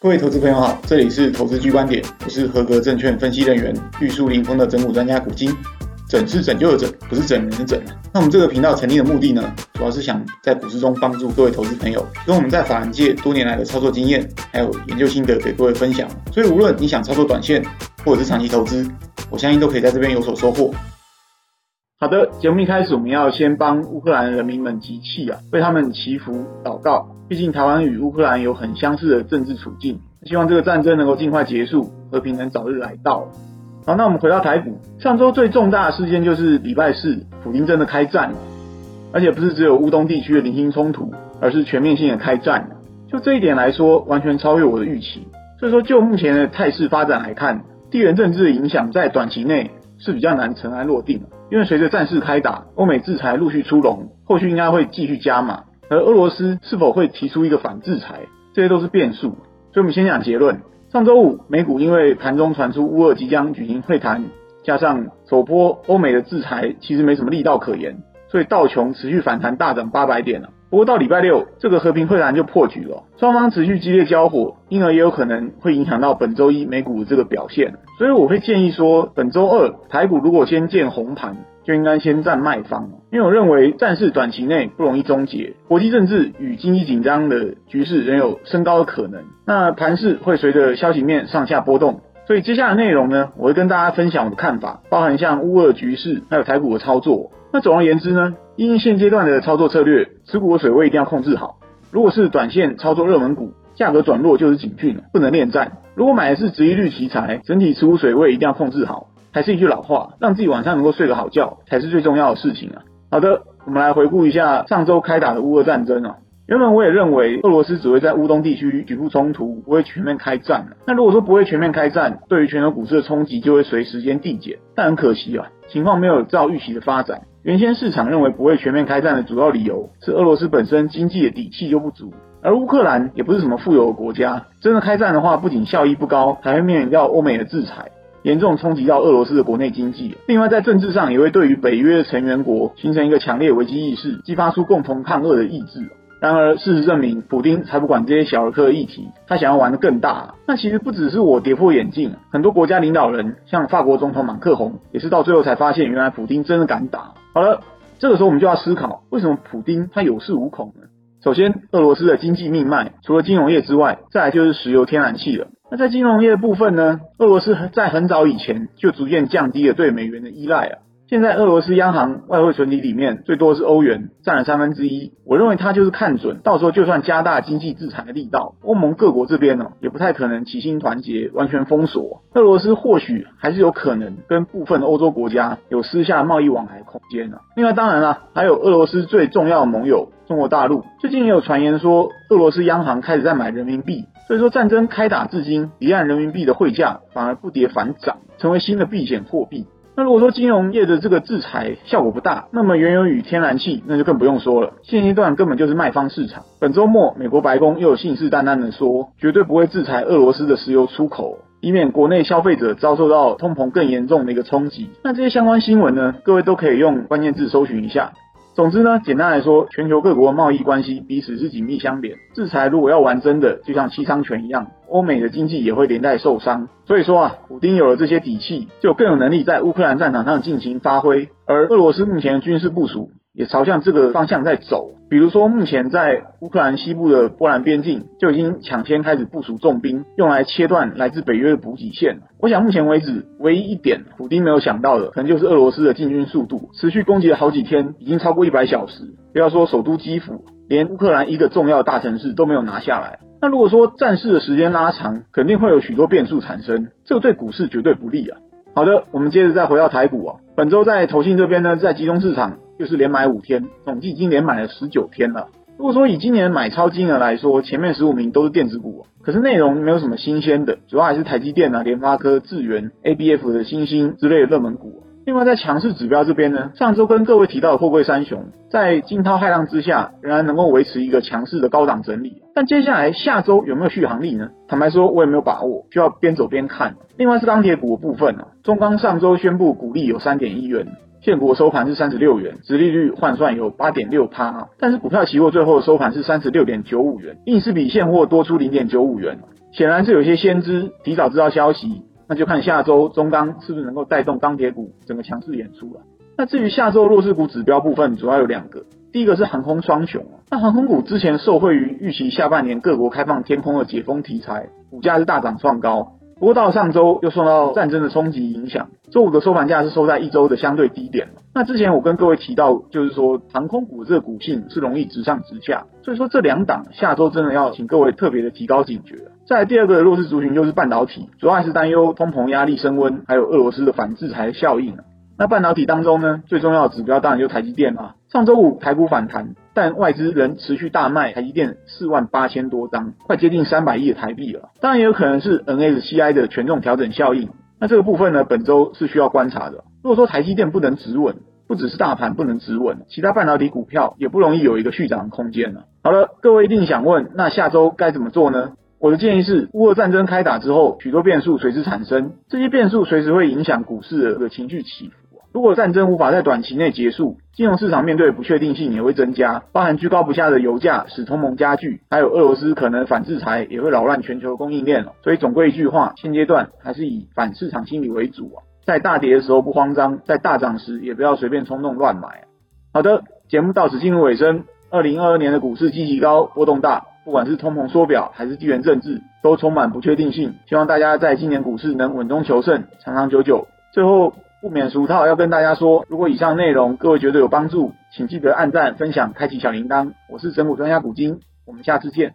各位投資朋友好，這裡是投資 G 觀點，我是合格證券分析人員玉樹臨風的整股專家股金。整是拯救的整，不是整人的整，啊。那我們這個頻道成立的目的呢，主要是想在股市中幫助各位投資朋友，用我們在法人界多年來的操作經驗，還有研究心得給各位分享。所以無論你想操作短線，或者是長期投資，我相信都可以在這邊有所收穫。好的，節目一開始我們要先幫烏克蘭人民們集氣啊，為他們祈福禱告。畢竟台灣與烏克蘭有很相似的政治處境，希望這個戰爭能夠盡快結束，和平能早日來到。好，那我們回到台股，上周最重大的事件就是禮拜四，普丁真的開戰了，而且不是只有烏東地區的零星衝突，而是全面性的開戰了。就這一點來說，完全超越我的預期。所以說，就目前的態勢發展來看，地緣政治的影響在短期內。是比較難塵埃落定了，因為隨着戰事開打，歐美制裁陸續出籠，後續應該會繼續加碼。而俄羅斯是否會提出一個反制裁，這些都是變數。所以我們先講結論。上週五美股因為盤中傳出烏俄即將舉行會談，加上首波歐美的制裁其實沒什麼力道可言，所以道瓊持續反彈大漲八百點了。不過到禮拜六，這個和平會談就破局了哦，雙方持續激烈交火，因而也有可能會影響到本周一美股的這個表現。所以我會建議說，本周二台股如果先見紅盤，就應該先占賣方，因為我認為戰事短期內不容易終結，國際政治與經濟緊張的局勢仍有升高的可能，那盤勢會隨着消息面上下波動。所以接下來的內容呢，我會跟大家分享我的看法，包含像烏俄局勢，還有台股的操作。那總而言之呢，因現階段的操作策略，持股的水位一定要控制好。如果是短線操作熱門股，價格轉弱就是警訊，不能戀戰。如果買的是殖利率題材，整體持股水位一定要控制好。還是一句老話，讓自己晚上能夠睡個好覺，才是最重要的事情啊。好的，我們來回顧一下上周開打的烏俄戰爭啊、哦。原本我也認為俄羅斯只會在烏東地區局部衝突，不會全面開戰。那如果說不會全面開戰，對於全球股市的衝擊就會隨時間遞減。但很可惜啊，情況沒有照預期的發展。原先市場認為不會全面開戰的主要理由是俄羅斯本身經濟的底氣就不足，而烏克蘭也不是什麼富有的國家。真的開戰的話，不僅效益不高，還會面臨到歐美的制裁，嚴重衝擊到俄羅斯的國內經濟。另外在政治上也會對於北約的成員國形成一個強烈危機意識，激發出共同抗俄的意志。然而，事實證明，普丁才不管這些小兒科的議題，他想要玩得更大。那其實不只是我跌破眼鏡，很多國家領導人，像法國總統馬克宏，也是到最後才發現，原來普丁真的敢打。好了，這個時候我們就要思考，為什麼普丁他有恃無恐呢？首先，俄羅斯的經濟命脈，除了金融業之外，再來就是石油天然氣了。那在金融業的部分呢，俄羅斯在很早以前就逐漸降低了對美元的依賴啊。現在俄羅斯央行外匯存底裡面最多是歐元，占了三分之一。我認為他就是看準，到時候就算加大經濟制裁的力道，歐盟各國這邊呢也不太可能齊心團結，完全封鎖俄羅斯，或許還是有可能跟部分歐洲國家有私下的貿易往來的空間。另外當然啦，還有俄羅斯最重要的盟友中國大陸，最近也有傳言說俄羅斯央行開始在買人民幣，所以說戰爭開打至今，離岸人民幣的匯價反而不跌反漲，成為新的避險貨幣。那如果說金融業的這個制裁效果不大，那麼原油與天然氣那就更不用說了，現階段根本就是賣方市場。本周末，美國白宮又有信誓旦旦的說，絕對不會制裁俄羅斯的石油出口，以免國內消費者遭受到通膨更嚴重的一個衝擊。那這些相關新聞呢，各位都可以用關鍵字搜尋一下。總之呢，簡單來說，全球各國的貿易關係彼此是緊密相連。制裁如果要玩真的，就像七傷拳一樣，歐美的經濟也會連帶受傷。所以說啊，普丁有了這些底氣，就更有能力在烏克蘭戰場上盡情發揮。而俄羅斯目前的軍事部署。也朝向這個方向在走，比如說目前在烏克蘭西部的波蘭邊境就已經搶先開始部署重兵，用來切斷來自北約的補給線。我想目前為止唯一一點，普丁沒有想到的，可能就是俄羅斯的進軍速度持續攻擊了好幾天，已經超過一百小時。不要說首都基輔，連烏克蘭一個重要的大城市都沒有拿下來。那如果說戰事的時間拉長，肯定會有許多變數產生，這個對股市絕對不利啊。好的，我們接着再回到台股啊，本周在投信這邊呢，在集中市場。就是連買五天，總計已經連買了十九天了。如果說以今年買超金額來說，前面十五名都是電子股，可是內容沒有什麼新鮮的，主要還是台積電啊、聯發科、智原、ABF 的欣興之類的熱門股。另外在強勢指標這邊呢，上周跟各位提到的貨櫃三雄，在驚濤駭浪之下，仍然能夠維持一個強勢的高檔整理。但接下來下周有沒有續航力呢？坦白說，我也沒有把握，需要邊走邊看。另外是鋼鐵股的部分，中鋼上周宣布股利有三點一元。現貨收盤是三十六元，殖利率換算有八點六趴啊。但是股票期貨最後的收盤是三十六點九五元，硬是比現貨多出零點九五元，顯然是有些先知提早知道消息。那就看下周中鋼是不是能夠帶動鋼鐵股整個強勢演出了。那至於下周弱勢股指標部分，主要有兩個，第一個是航空雙雄啊。那航空股之前受惠於預期下半年各國開放天空的解封題材，股價是大漲創高。不過到了上周又受到戰爭的衝擊影響，周五的收盤價是收在一周的相對低點。那之前我跟各位提到，就是說航空股這個股性是容易直上直下，所以說這兩檔下周真的要請各位特別的提高警覺。再來第二個弱勢族群就是半導體，主要還是擔憂通膨壓力升溫，還有俄羅斯的反制裁效應。那半導體當中呢，最重要的指標當然就是台積電嘛。上周五台股反彈。但外資仍持續大賣台積電四萬八千多張，快接近三百億的台幣了。當然也有可能是 MSCI 的權重調整效應。那這個部分呢，本周是需要觀察的。如果說台積電不能止穩，不只是大盤不能止穩，其他半導體股票也不容易有一個續漲空間了。好了，各位一定想問，那下周該怎麼做呢？我的建議是，烏俄戰爭開打之後，許多變數隨時產生，這些變數隨時會影響股市的情緒起伏。如果戰爭無法在短期內結束，金融市場面對不確定性也會增加，包含居高不下的油價使通膨加劇，還有俄羅斯可能反制裁也會擾亂全球供應鏈，所以總歸一句話，現階段還是以反市場心理為主啊。在大跌的時候不慌張，在大漲時也不要隨便衝動亂買啊。好的，節目到此進入尾聲。二零二二年的股市積極高波動大，不管是通膨縮表還是地緣政治，都充滿不確定性。希望大家在今年股市能穩中求勝，長長久久。最後。不免俗套，要跟大家說，如果以上內容各位覺得有幫助，請記得按讚、分享、開啟小鈴鐺。我是神谷專家古今，我們下次見。